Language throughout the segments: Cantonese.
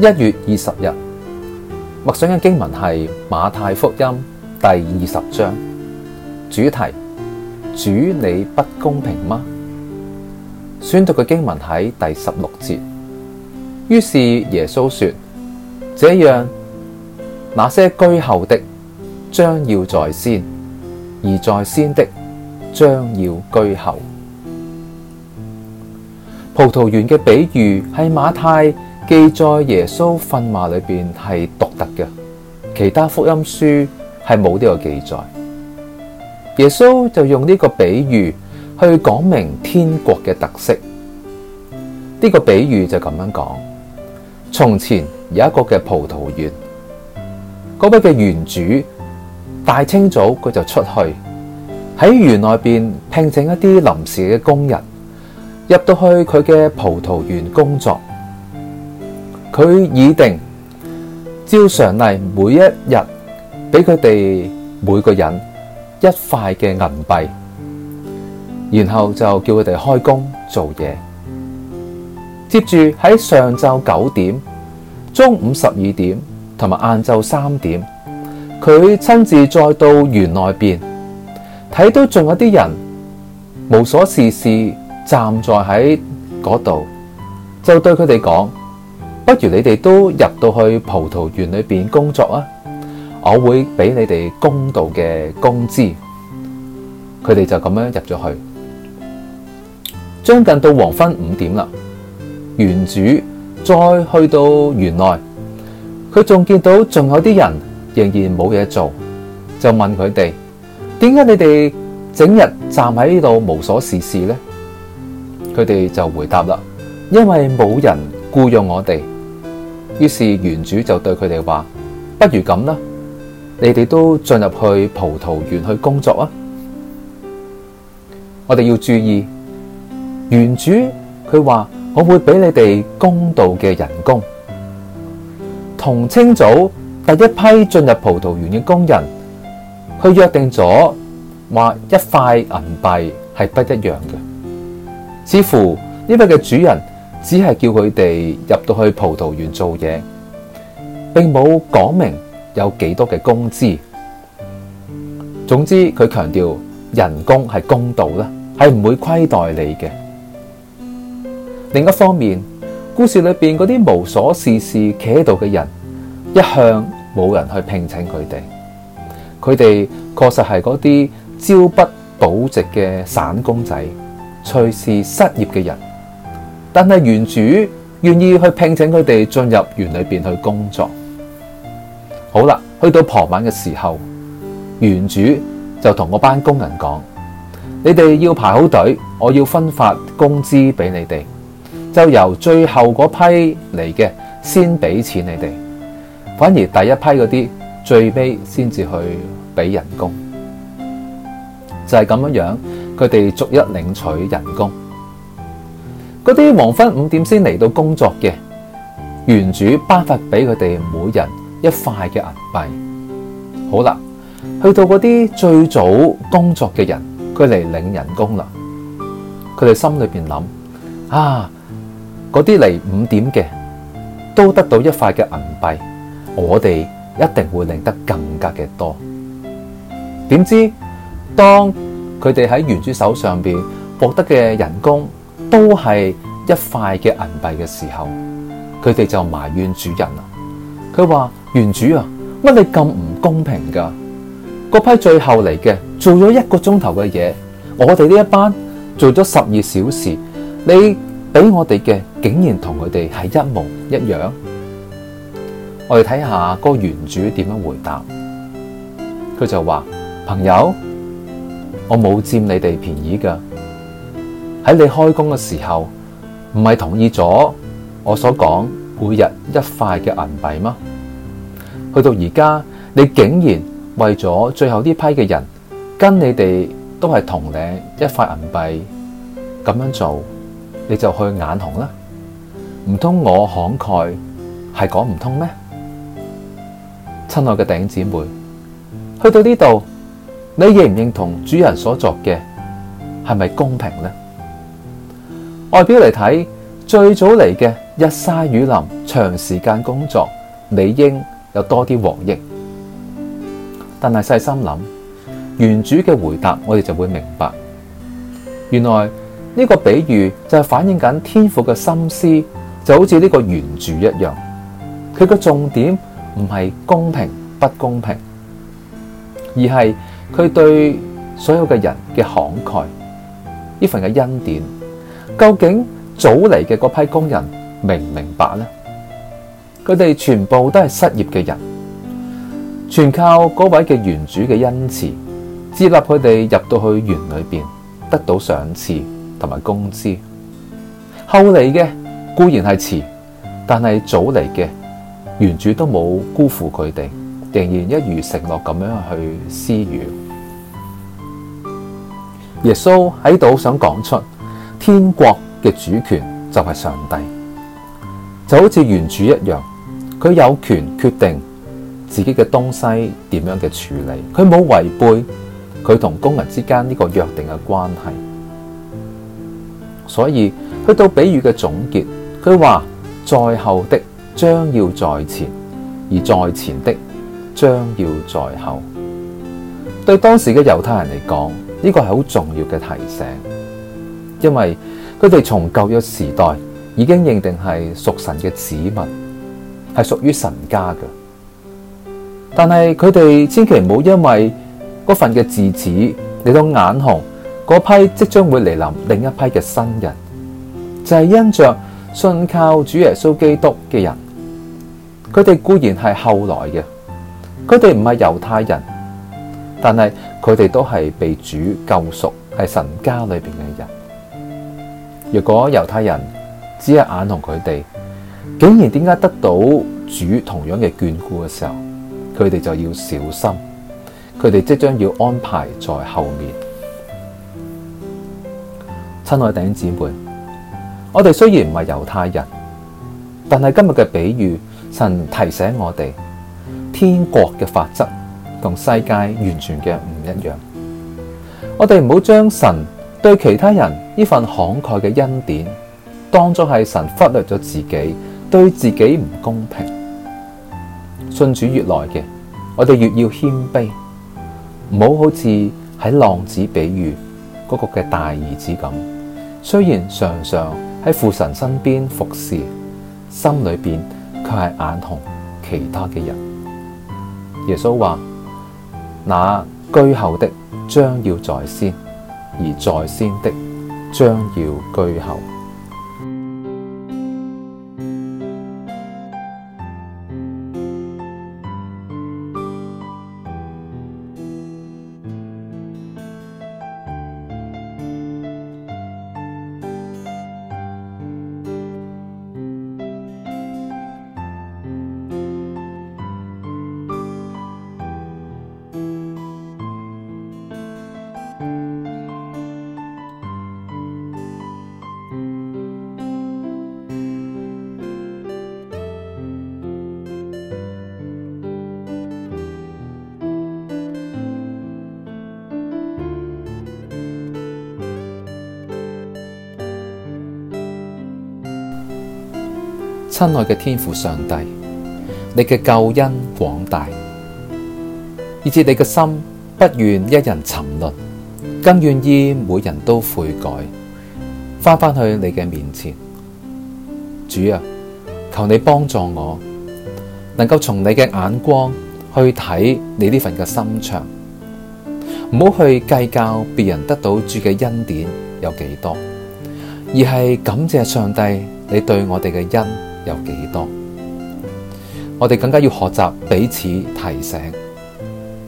一月二十日，默想嘅經文係馬太福音第二十章，主題：主，你不公平嗎？宣讀嘅經文喺第十六節。於是耶穌說：這樣，那些居後的將要在先，而在先的將要居後。葡萄園嘅比喻係馬太。記載耶穌訓話裏邊係獨特嘅，其他福音書係冇呢個記載。耶穌就用呢個比喻去講明天國嘅特色。呢個比喻就咁樣講：從前有一個嘅葡萄園，嗰位嘅園主大清早佢就出去喺園內邊聘請一啲臨時嘅工人入到去佢嘅葡萄園工作。佢已定照常例，每一日俾佢哋每個人一塊嘅銀幣，然後就叫佢哋開工做嘢。接住喺上晝九點、中午十二點同埋晏晝三點，佢親自再到園內邊，睇到仲有啲人無所事事站在喺嗰度，就對佢哋講。不如你哋都入到去葡萄園裏邊工作啊！我會俾你哋公道嘅工資。佢哋就咁樣入咗去，將近到黃昏五點啦。園主再去到園內，佢仲見到仲有啲人仍然冇嘢做，就問佢哋：點解你哋整日站喺呢度無所事事咧？佢哋就回答啦：因為冇人雇傭我哋。於是園主就對佢哋話：不如咁啦，你哋都進入去葡萄園去工作啊！我哋要注意，園主佢話我會俾你哋公道嘅人工。同清早第一批進入葡萄園嘅工人，佢約定咗話一塊銀幣係不一樣嘅，似乎呢位嘅主人，只係叫佢哋入到去葡萄園做嘢，並冇講明有幾多嘅工資。總之強調，佢強調人工係公道啦，係唔會虧待你嘅。另一方面，故事裏邊嗰啲無所事事企喺度嘅人，一向冇人去聘請佢哋。佢哋確實係嗰啲朝不保夕嘅散工仔，隨時失業嘅人。但係原主願意去聘請佢哋進入園裏邊去工作。好啦，去到傍晚嘅時候，原主就同個班工人講：你哋要排好隊，我要分發工資俾你哋。就由最後嗰批嚟嘅，先俾錢你哋，反而第一批嗰啲最尾先至去俾人工。就係咁樣樣，佢哋逐一領取人工。嗰啲黃昏五點先嚟到工作嘅，園主頒發俾佢哋每人一塊嘅銀幣。好啦，去到嗰啲最早工作嘅人，佢嚟領人工啦。佢哋心裏邊諗：啊，嗰啲嚟五點嘅都得到一塊嘅銀幣，我哋一定會領得更加嘅多。點知當佢哋喺園主手上邊獲得嘅人工。都係一塊嘅銀幣嘅時候，佢哋就埋怨主人啦。佢話園主啊，乜你咁唔公平噶？嗰批最後嚟嘅做咗一個鐘頭嘅嘢，我哋呢一班做咗十二小時，你俾我哋嘅竟然同佢哋係一模一樣。我哋睇下嗰個園主點樣回答。佢就話：朋友，我冇佔你哋便宜噶。喺你開工嘅時候，唔係同意咗我所講每日一塊嘅銀幣嗎？去到而家，你竟然為咗最後呢批嘅人，跟你哋都係同領一塊銀幣咁樣做，你就去眼紅啦？唔通我慷慨係講唔通咩？親愛嘅頂姊妹，去到呢度，你認唔認同主人所作嘅係咪公平呢？外表嚟睇，最早嚟嘅日曬雨淋，長時間工作理應有多啲獲益。但係細心諗，園主嘅回答，我哋就會明白，原來呢、呢個比喻就係反映緊天父嘅心思，就好似呢個園主一樣。佢嘅重點唔係公平不公平，而係佢對所有嘅人嘅慷慨呢份嘅恩典。究竟早嚟嘅嗰批工人明唔明白咧？佢哋全部都係失業嘅人，全靠嗰位嘅園主嘅恩賜接納佢哋入到去園裏邊，得到賞賜同埋工資。後嚟嘅固然係遲，但係早嚟嘅園主都冇辜負佢哋，仍然一如承諾咁樣去施予。耶穌喺度想講出。天國嘅主權就係上帝，就好似園主一樣，佢有權決定自己嘅東西點樣嘅處理，佢冇違背佢同工人之間呢個約定嘅關係。所以去到比喻嘅總結，佢話在後的將要在前，而在前的將要在後。對當時嘅猶太人嚟講，呢個係好重要嘅提醒。因為佢哋從舊約時代已經認定係屬神嘅子民，係屬於神家嘅。但係佢哋千祈唔好因為嗰份嘅自恃嚟到眼紅。嗰批即將會嚟臨另一批嘅新人，就係因着信靠主耶穌基督嘅人，佢哋固然係後來嘅，佢哋唔係猶太人，但係佢哋都係被主救贖，係神家裏邊。若果猶太人只係眼紅佢哋竟然點解得到主同樣嘅眷顧嘅時候，佢哋就要小心，佢哋即將要安排在後面。親愛弟兄姊妹，我哋雖然唔係猶太人，但係今日嘅比喻，神提醒我哋，天國嘅法則同世界完全嘅唔一樣，我哋唔好將神，對其他人呢份慷慨嘅恩典，當作係神忽略咗自己，對自己唔公平。信主越來嘅，我哋越要謙卑，唔好好似喺浪子比喻嗰個嘅大兒子咁。雖然常常喺父神身邊服侍，心裏邊卻係眼紅其他嘅人。耶穌話：「那居後的將要在先。而在先的將要居後。親愛嘅天父上帝，你嘅救恩廣大，以至你嘅心不願一人沉淪，更願意每人都悔改，翻返去你嘅面前。主啊，求你幫助我，能夠從你嘅眼光去睇你呢份嘅心腸，唔好去計較別人得到主嘅恩典有幾多，而係感謝上帝，你對我哋嘅恩。有幾多？我哋更加要學習彼此提醒。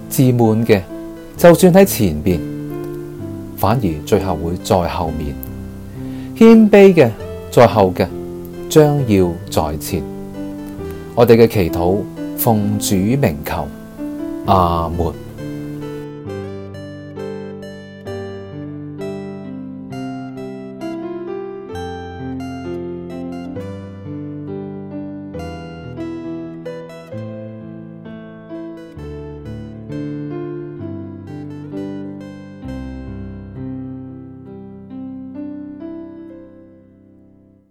自滿嘅，就算喺前面，反而最後會在後面；謙卑嘅，在後嘅，將要在前。我哋嘅祈禱，奉主名求，阿門。